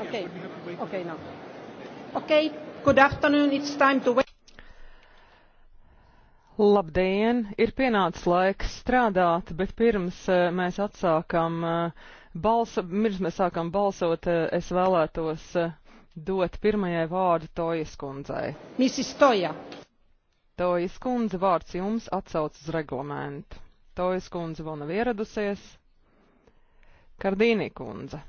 Okay. Okay, no. okay. Good afternoon. It's time to wait. Labdien! Ir pienācis laiks strādāt, bet pirms eh, mēs atsākam eh, balso, pirms mēs sākam balsot, eh, es vēlētos dot pirmajai vārdu Tojas kundzei. Mrs. Toja. Tojas kundze vārds jums atsauc uz reglamentu. Tojas kundze vēl nav ieradusies. Kardīni kundze.